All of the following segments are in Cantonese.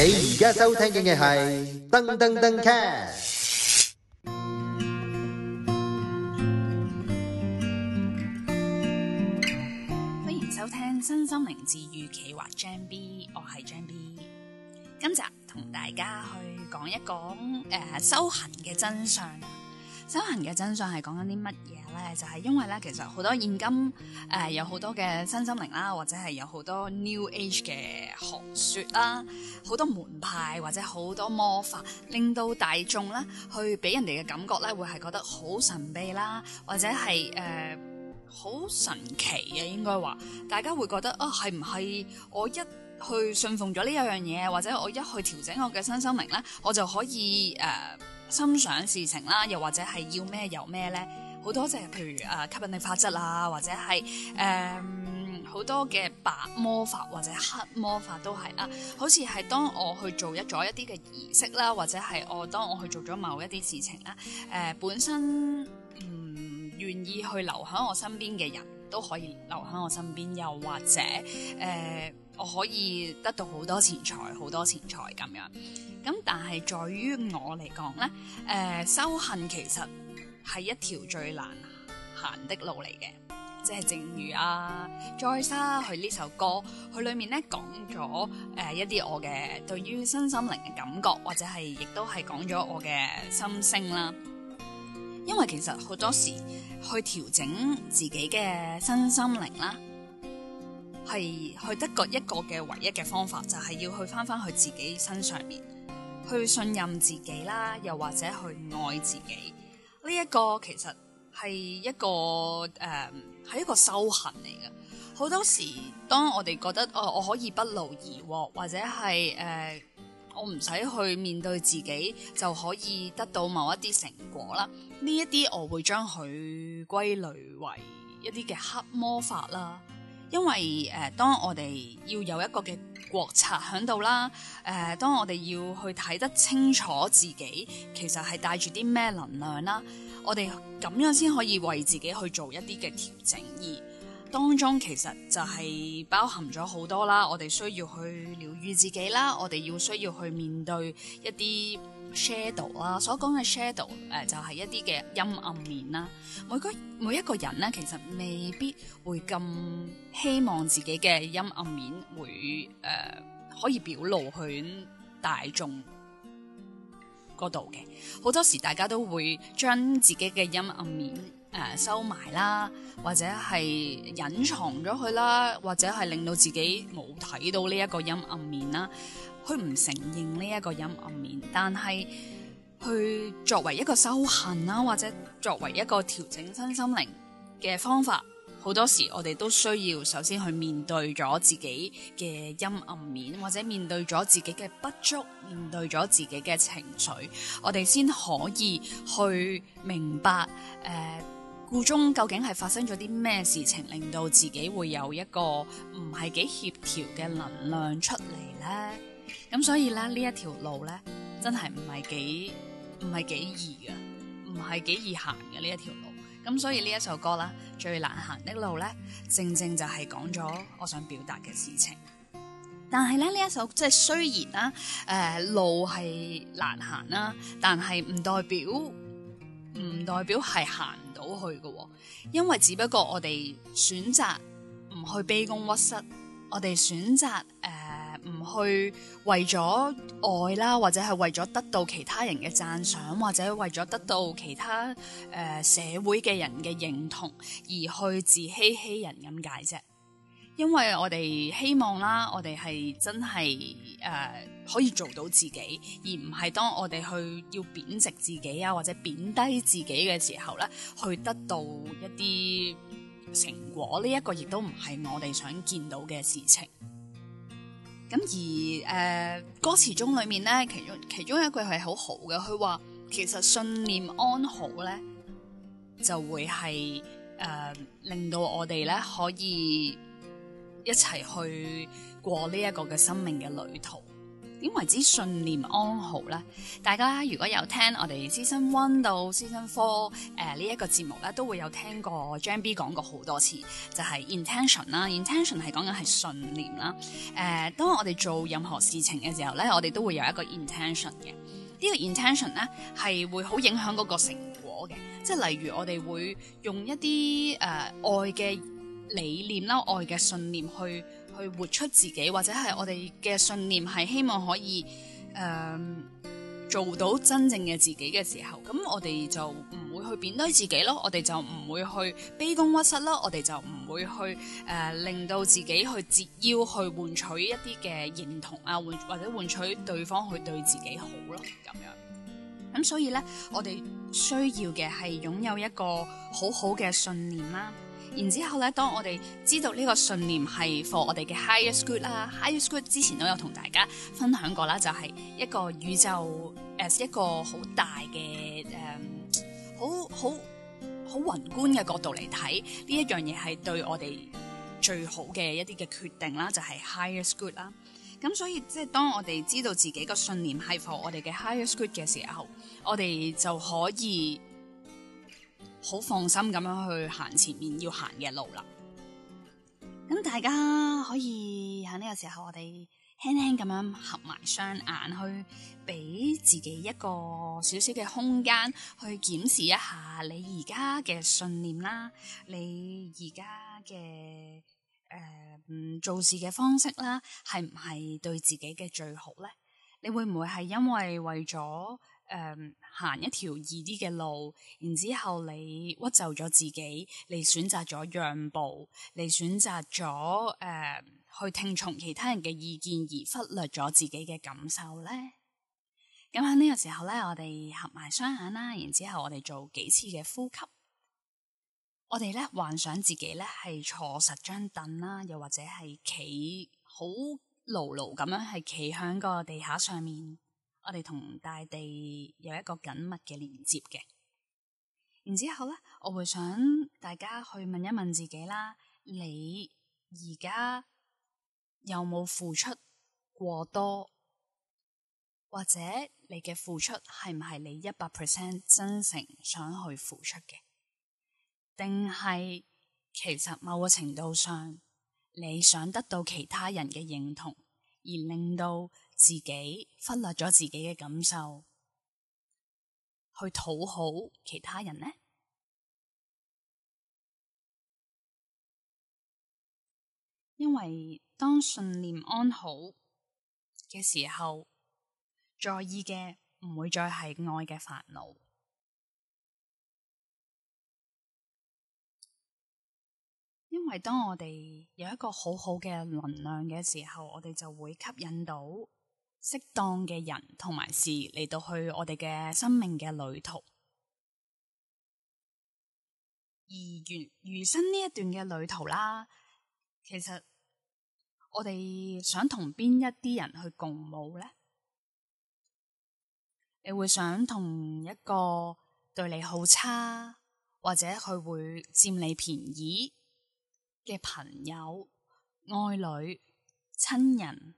你而家收聽嘅係噔噔噔 cast，歡迎收聽《身心靈治癒企劃》Jam B，我係 Jam B，今集同大家去講一講誒修行嘅真相。修行嘅真相係講緊啲乜嘢呢？就係、是、因為呢，其實好多現今誒、呃、有好多嘅身心靈啦，或者係有好多 New Age 嘅學説啦，好多門派或者好多魔法，令到大眾呢去俾人哋嘅感覺呢，會係覺得好神秘啦，或者係誒好神奇嘅，應該話大家會覺得啊，係唔係我一去信奉咗呢一樣嘢，或者我一去調整我嘅身心靈呢，我就可以誒？呃心想事情啦，又或者係要咩有咩咧，好多即、就是、譬如誒、呃、吸引力法則啦，或者係誒好多嘅白魔法或者黑魔法都係啊。好似係當我去做一咗一啲嘅儀式啦，或者係我當我去做咗某一啲事情啦，誒、呃、本身唔願、嗯、意去留喺我身邊嘅人都可以留喺我身邊，又或者誒。呃我可以得到好多錢財，好多錢財咁樣。咁但係在於我嚟講呢，誒修行其實係一條最難行的路嚟嘅，即係正如啊再沙佢呢首歌，佢裡面呢講咗誒一啲我嘅對於身心靈嘅感覺，或者係亦都係講咗我嘅心聲啦。因為其實好多時去調整自己嘅身心靈啦。係去得個一個嘅唯一嘅方法，就係、是、要去返返去自己身上面，去信任自己啦，又或者去愛自己。呢、這、一個其實係一個誒，係、呃、一個修行嚟嘅。好多時，當我哋覺得哦、呃，我可以不勞而獲，或者係誒、呃，我唔使去面對自己就可以得到某一啲成果啦。呢一啲我會將佢歸類為一啲嘅黑魔法啦。因為誒、呃，當我哋要有一個嘅國策響度啦，誒、呃，當我哋要去睇得清楚自己，其實係帶住啲咩能量啦，我哋咁樣先可以為自己去做一啲嘅調整，而當中其實就係包含咗好多啦，我哋需要去療癒自己啦，我哋要需要去面對一啲。shadow 啦，所講嘅 shadow 誒、呃，就係、是、一啲嘅陰暗面啦。每個每一個人咧，其實未必會咁希望自己嘅陰暗面會誒、呃、可以表露去大眾嗰度嘅。好多時大家都會將自己嘅陰暗面誒收埋啦，或者係隱藏咗佢啦，或者係令到自己冇睇到呢一個陰暗面啦。佢唔承認呢一個陰暗面，但係去作為一個修行啦，或者作為一個調整身心靈嘅方法，好多時我哋都需要首先去面對咗自己嘅陰暗面，或者面對咗自己嘅不足，面對咗自己嘅情緒，我哋先可以去明白誒、呃、故中究竟係發生咗啲咩事情，令到自己會有一個唔係幾協調嘅能量出嚟呢？咁所以咧，呢一條路咧，真係唔係幾唔係幾易噶唔係幾易行嘅呢一條路。咁所以呢，一，呢一，所以一首歌啦，最難行的路咧，正正就係講咗我想表達嘅事情。但係咧，呢一首即係雖然啦、啊，誒、呃，路係難行啦、啊，但係唔代表唔代表係行唔到去嘅、哦，因為只不過我哋選擇唔去卑躬屈膝。我哋選擇誒，唔去為咗愛啦，或者係為咗得到其他人嘅讚賞，或者為咗得到其他誒，社會嘅人嘅認同，而去自欺欺人咁解啫。因為我哋希望啦，我哋係真係誒、呃、可以做到自己，而唔係當我哋去要貶值自己啊，或者貶低自己嘅時候咧，去得到一啲。成果呢一個亦都唔係我哋想見到嘅事情。咁而誒歌詞中裏面咧，其中其中一句係好好嘅，佢話其實信念安好咧，就會係誒令到我哋咧可以一齊去過呢一個嘅生命嘅旅途。點為之信念安好咧？大家如果有聽我哋 Season One 到 Season Four 誒呢一個節目咧，都會有聽過 Jammy 講過好多次，就係、是、int intention 啦，intention 係講緊係信念啦。誒、呃，當我哋做任何事情嘅時候咧，我哋都會有一個 intention 嘅。這個、int 呢個 intention 咧係會好影響嗰個成果嘅。即係例如我哋會用一啲誒、呃、愛嘅理念啦、愛嘅信念去。去活出自己，或者係我哋嘅信念係希望可以誒、呃、做到真正嘅自己嘅時候，咁我哋就唔會去貶低自己咯，我哋就唔會去卑躬屈膝咯，我哋就唔會去誒、呃、令到自己去折腰去換取一啲嘅認同啊，換或者換取對方去對自己好咯，咁樣。咁、嗯、所以咧，我哋需要嘅係擁有一個好好嘅信念啦、啊。然之後咧，當我哋知道呢個信念係 for 我哋嘅 higher good 啦，higher good 之前都有同大家分享過啦，就係、是、一個宇宙 as 一個好大嘅誒，好好好宏觀嘅角度嚟睇呢一樣嘢，係對我哋最好嘅一啲嘅決定啦，就係、是、higher good 啦。咁所以即係當我哋知道自己個信念係 for 我哋嘅 higher good 嘅時候，我哋就可以。好放心咁樣去行前面要行嘅路啦。咁大家可以喺呢個時候，我哋輕輕咁樣合埋雙眼，去俾自己一個少少嘅空間，去檢視一下你而家嘅信念啦，你而家嘅誒做事嘅方式啦，係唔係對自己嘅最好咧？你會唔會係因為為咗？誒，行、um, 一條易啲嘅路，然之後你屈就咗自己，你選擇咗讓步，你選擇咗誒，um, 去聽從其他人嘅意見而忽略咗自己嘅感受咧。咁喺呢個時候咧，我哋合埋雙眼啦，然之後我哋做幾次嘅呼吸，我哋咧幻想自己咧係坐實張凳啦，又或者係企好牢牢咁樣，係企喺個地下上面。我哋同大地有一個緊密嘅連接嘅，然之後咧，我會想大家去問一問自己啦，你而家有冇付出過多，或者你嘅付出係唔係你一百 percent 真誠想去付出嘅，定係其實某個程度上你想得到其他人嘅認同，而令到？自己忽略咗自己嘅感受，去討好其他人呢？因為當信念安好嘅時候，在意嘅唔會再係愛嘅煩惱。因為當我哋有一個好好嘅能量嘅時候，我哋就會吸引到。適當嘅人同埋事嚟到去我哋嘅生命嘅旅途，而完餘生呢一段嘅旅途啦，其實我哋想同邊一啲人去共舞呢？你會想同一個對你好差，或者佢會佔你便宜嘅朋友、愛侶、親人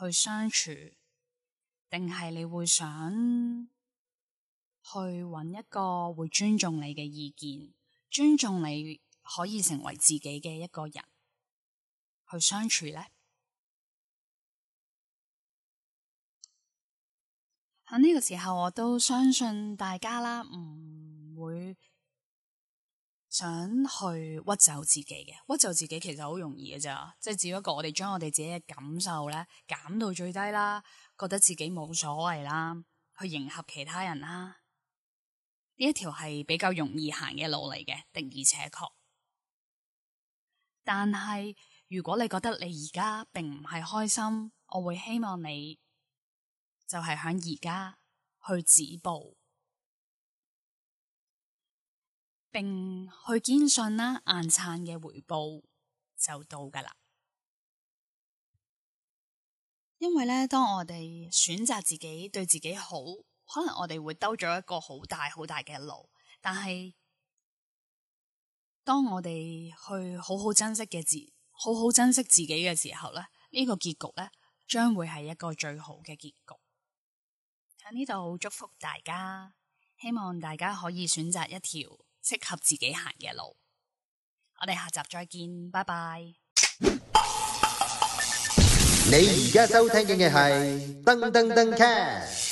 去相處，定係你會想去搵一個會尊重你嘅意見，尊重你可以成為自己嘅一個人去相處呢？喺呢個時候，我都相信大家啦，唔會想去屈就自己嘅，屈就自己，其實好容易嘅咋，即係只不過我哋將我哋自己嘅感受咧減到最低啦。覺得自己冇所謂啦，去迎合其他人啦，呢一條係比較容易行嘅路嚟嘅，的而且確。但係如果你覺得你而家並唔係開心，我會希望你就係響而家去止步，並去堅信啦，硬撐嘅回報就到噶啦。因為咧，當我哋選擇自己對自己好，可能我哋會兜咗一個好大好大嘅路。但係當我哋去好好珍惜嘅自好好珍惜自己嘅時候咧，呢個結局咧將會係一個最好嘅結局。喺呢度祝福大家，希望大家可以選擇一條適合自己行嘅路。我哋下集再見，拜拜。 你而家收聽嘅係噔噔噔 cat。